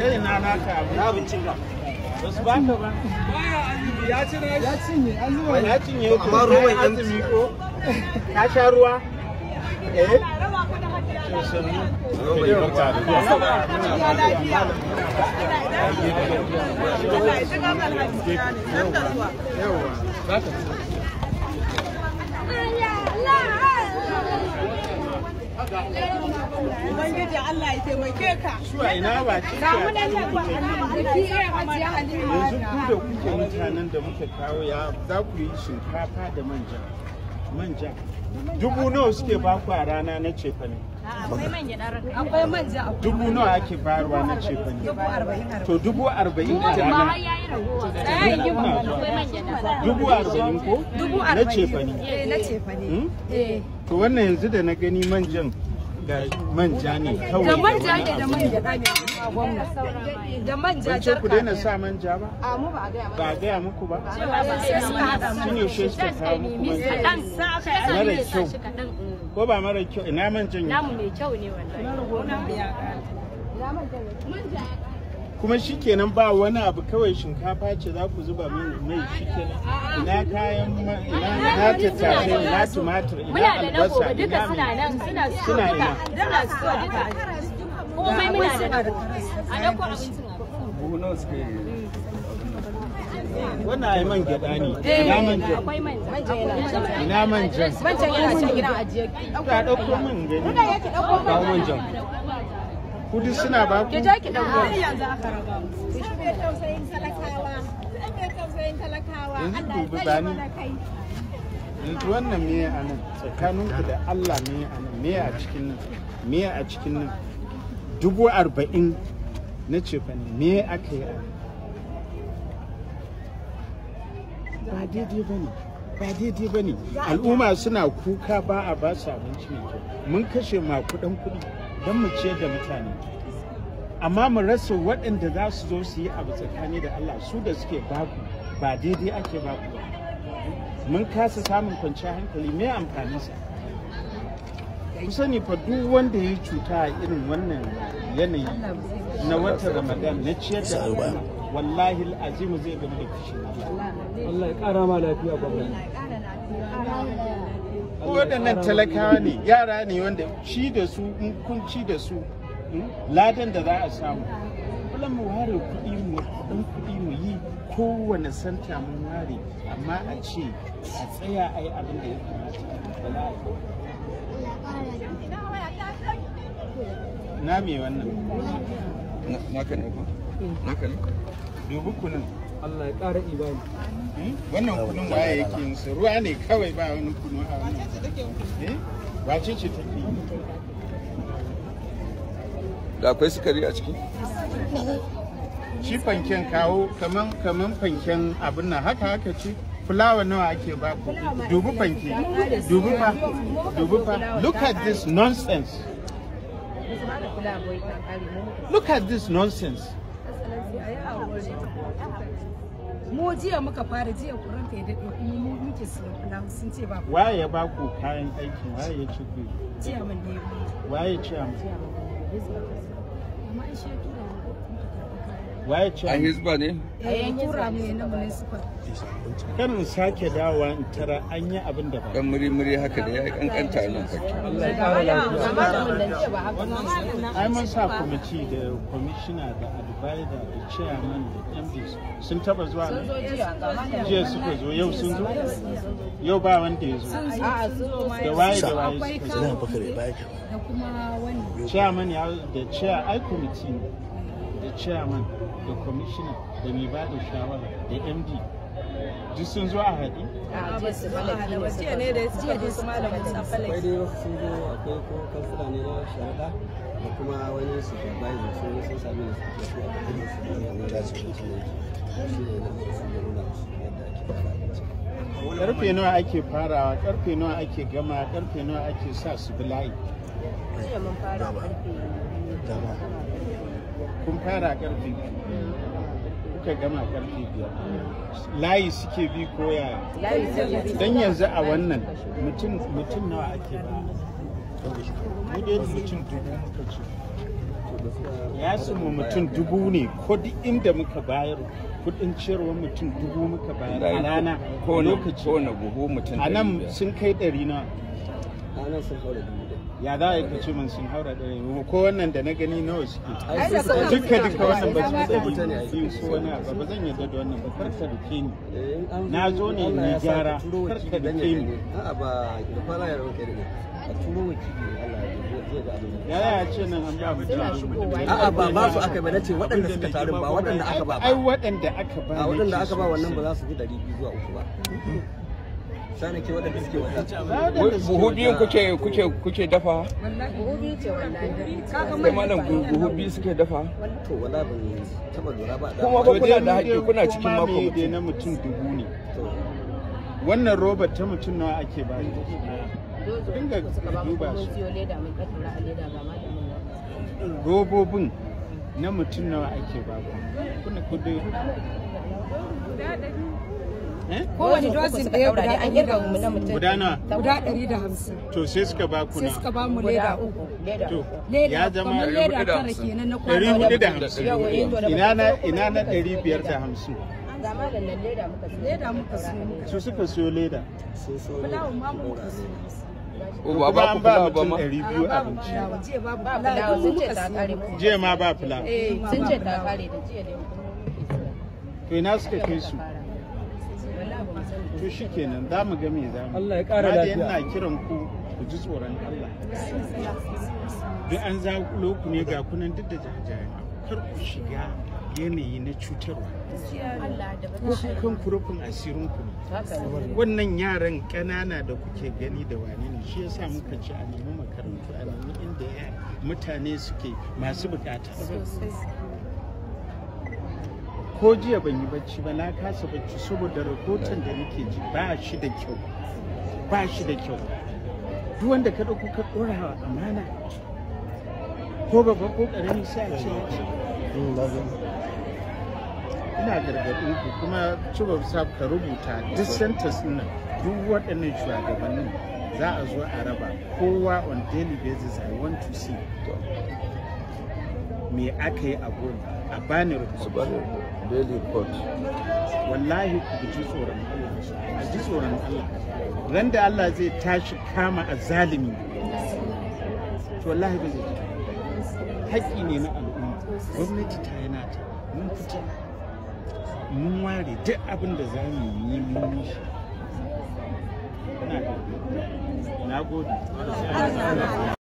kai na naka na bincin ka wasu ba ba ya ya cinye an zuwa ya cinye amma ruwan yan ko ka sha ruwa eh Ubangiji Allah ya taimake ka. Shuwa ina ba ce. Ga mu da Yanzu ku da kuke mutanen da muke kawo ya za ku yi shinkafa da manja. Manja. Dubu nawa suke baku a rana na cefane. akwai manja dubu nawa ake bayarwa na ce ne to dubu arba'in ita ma dubu arba'in ko eh, na ce ne hmm? eh. to wannan yanzu da na gani manjan da manja ne kawai da manja ne da manja ne da manja jarka ku daina sa manja ba a mu ba a gaya muku ba cewa ba sai suka hada mu shi suka muku dan sa aka yi mara kyau ko ba mara kyau ina man jan namu mai kyau ne wallahi kuma shikenan ba wani abu kawai shinkafa ce za ku zuba mini mai shikenan ina kayan ma ina tattasai ina tumatir ina albasa ina suna nan suna suna ina suna muna da a buhunan suka yi eh, wannan man gyaɗa ne eh, ina man jan akwai man jan man jan yana ajiye ka gani yake man jan kudi suna ba ku ke je ki yanzu aka raba mu sai mai tausayin talakawa tausayin talakawa Allah ya mana kai yanzu wannan a nan tsakaninku da Allah me a nan me a cikin nan me a cikin nan dubu arba'in na ce fa ne me aka yi ba daidai ba ne ba daidai ba ne al'umma suna kuka ba a ba su abinci mai kyau mun kashe makudan kuɗi don mu ciyar da mutane amma mu rasa waɗanda za su zo su yi abu tsakani da Allah su da suke baku ba daidai ake baku ba mun kasa samun kwanciyar hankali me amfaninsa ku sani fa duk wanda ya cuta a irin wannan yanayi na wata ramadan na ciyar da al'umma wallahi azimu zai gama da fushi Allah ya kara ma lafiya babban waɗannan talakawa ne yara ne wanda ci da su kun ci da su hmm, ladan da za a samu kullum mu ware kuɗi mu ɗan kuɗi mu yi kowane santa mun ware amma a ce a tsaya a yi abin da ya kamata na me wannan naka ne ko naka ne dubu kunun Allah ya ƙara ibani hmm? wannan kunun waye yake yin su ruwa ne kawai ba wani kunu a wannan eh wace ce take da akwai sukari a ciki shi fanken kawo kaman kaman fanken abin nan haka haka ce fulawa nawa ake ba ku dubu fanke dubu fa dubu fa look at this nonsense Look at this nonsense. mu jiya muka fara jiya ya daɗe kuma mu waye ya kayan aikin ya ci waye hizba ne eh kura ne na municipal kan sake dawa in tara an yi abin da ba muri muri haka da ya kankanta nan fakki ai mun sa kwamiti da commissioner da advisor da chairman da MD sun taba zuwa ne jiya suka zo yau sun zo yau ba wanda ya zo da waye da waye suka zo da kuma wani chairman ya da chair ai committee ne da chairman da commissioner da mai ba shawara da md duk sun zo a haɗi? ba su jiya da jiya su na sharaɗa da kuma wani su a da su da su da su karfe nawa ake farawa karfe nawa ake gama karfe nawa ake sa su bi dama kun fara karfe kuka gama karfe biyar layi suke bi koya don yanzu a wannan mutum nawa ake ba mutum dubu muka ce ya mu mutum dubu ne ko duk inda muka bayar kudin ciyarwar mutum dubu muka bayar a rana ko lokaci a nan sun kai ɗari na a nan sun kai ɗari ya za a yi kace sun haura da rai ko wannan da na gani nawa suke dukka dukka wannan ba su da yi su wani abu ba zan yadda da wannan ba karka da ke ni eh, na zo ne ni gyara karka da ke ni a'a ba da fara ya rawa a turo ya ya ce nan an ba mutum a'a ba ba su aka ba ce waɗanda suka taru ba waɗanda aka ba ai waɗanda aka ba ai waɗanda aka ba wannan ba za su fi biyu zuwa uku ba shanake waɗanda suke wadata buhu biyu kuke kuke kuke dafa buhu biyu ce wallahi kaga buhu biyu suke dafa to ban taba lura ba kuma ba kuna da haƙƙi kuna cikin mako mutum na mutum dubu ne wannan robar ta mutum nawa ake ba ni dinga duba shi robobin na mutum nawa ake ba kuna kudi kowane dosin ɗaya guda an da hamsin. guda ɗari da hamsin to sai suka ba ku sai suka ba mu leda uku to ya zama leda tara kenan na ɗari hudu da hamsin ina na ɗari biyar da hamsin leda muka siyo su suka siyo leda Uba ba ku fulawa ba ma? biyu abinci. Jiya ba sun ce Jiya ma ba fulawa. Sun ce ta da jiya ne. To ina suka kai su? to kenan za mu ga me za mu Allah ya ƙara lafiya ina kiran ku ku ji tsoron Allah duk an za ku ne ga kunan duk da jajayen kar ku shiga yanayi na cutarwa kan kurufin asirin ku wannan yaran ƙanana da kuke gani da wane ne shi yasa muka ci a nemi makarantu a nemi inda mutane suke masu bukata ko jiya ban yi bacci ba na kasa bacci saboda rahoton da nake ji ba shi da kyau ba shi da kyau duk wanda ka dauko ka ɗora amana ko ba ko karami sai a ce ya ce ina gargaɗin ku kuma cewa sab ka rubuta duk santas nan duk waɗannan shugabannin za a zo a raba kowa on daily basis i want to see me aka yi a gurin a bani report wallahi ku ji tsoron Allah a ji tsoron Allah ran da Allah zai tashi kama a zalimi to wallahi ba zai haƙƙi ne na al'umma gwamnati ta yana ta mun fita mun ware duk abin da za mu yi mun yi shi na gode